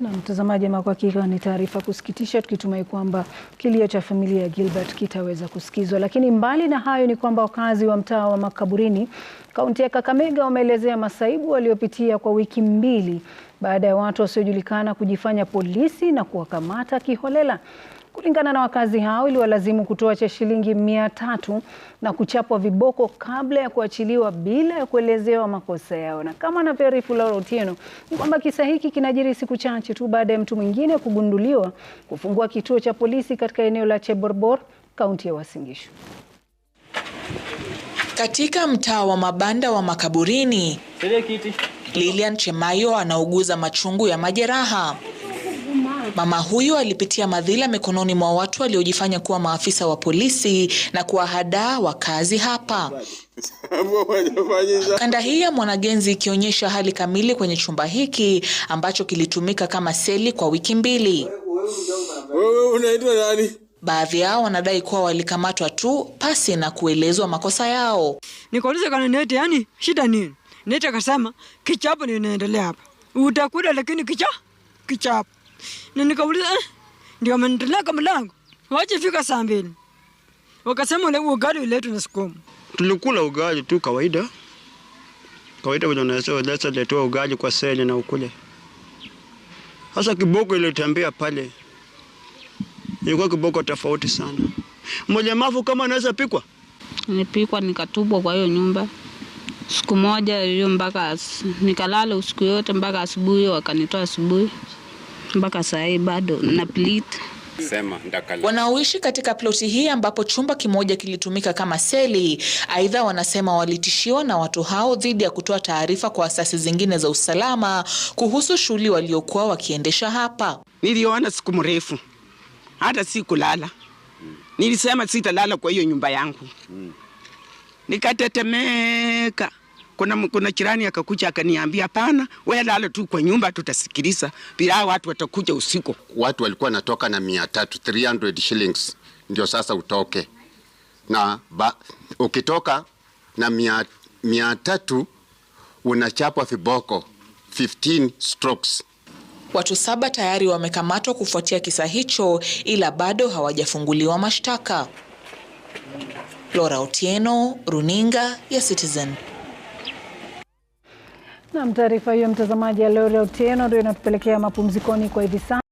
Na mtazamaji, ama kwa hakika ni taarifa kusikitisha, tukitumai kwamba kilio cha familia ya Gilbert kitaweza kusikizwa. Lakini mbali na hayo ni kwamba wakazi wa mtaa wa Makaburini kaunti ya Kakamega wameelezea masaibu waliopitia kwa wiki mbili baada ya watu wasiojulikana kujifanya polisi na kuwakamata kiholela. Kulingana na wakazi hao, iliwalazimu kutoa cha shilingi mia tatu na kuchapwa viboko kabla ya kuachiliwa bila ya kuelezewa makosa yao. Na kama anavyoarifu Laura Otieno, ni kwamba kisa hiki kinajiri siku chache tu baada ya mtu mwingine kugunduliwa kufungua kituo cha polisi katika eneo la Cheborbor, kaunti ya Uasin Gishu. Katika mtaa wa mabanda wa makaburini, Lilian Chemayo anauguza machungu ya majeraha Mama huyu alipitia madhila mikononi mwa watu waliojifanya kuwa maafisa wa polisi na kuwahadaa wakazi hapa. Kanda hii ya Mwanagenzi ikionyesha hali kamili kwenye chumba hiki ambacho kilitumika kama seli kwa wiki mbili. Baadhi yao wanadai kuwa walikamatwa tu pasi na kuelezwa makosa yao. Nikauliza kana Nete, yani shida nini? Nete akasema kichapo ninaendelea hapa utakuda, lakini kicha kichapo na nikauliza ndio ndio ameniteleka mlango, waje fika saa mbili wakasema ule ugali uletwe na sukuma. Tulikula ugali tu kawaida kawaida, vile unaweza letewa ugali kwa sele na ukule. hasa kiboko ilitembea pale ilikuwa kiboko tofauti sana. Mlemavu kama anaweza pikwa, nipikwa nikatubwa kwa hiyo nyumba siku moja hiyo, mpaka nikalala usiku yote mpaka asubuhi, wakanitoa asubuhi mpaka saa hii bado na plit. wanaoishi katika ploti hii ambapo chumba kimoja kilitumika kama seli. Aidha, wanasema walitishiwa na watu hao dhidi ya kutoa taarifa kwa asasi zingine za usalama kuhusu shughuli waliokuwa wakiendesha hapa. Niliona siku mrefu, hata si kulala Nilisema sitalala kwa hiyo nyumba yangu, mm. nikatetemeka kuna, kuna jirani akakuja akaniambia, hapana, wewe lala tu kwa nyumba, tutasikiliza bila watu watakuja usiku. Watu walikuwa natoka na mia 300 shillings ndio sasa utoke na ba, ukitoka na mia, mia tatu unachapwa viboko 15 strokes. Watu saba tayari wamekamatwa kufuatia kisa hicho, ila bado hawajafunguliwa mashtaka. Laura Otieno, Runinga ya Citizen. Nam, taarifa hiyo mtazamaji ya Laura Otieno ndio inatupelekea mapumzikoni kwa hivi sasa.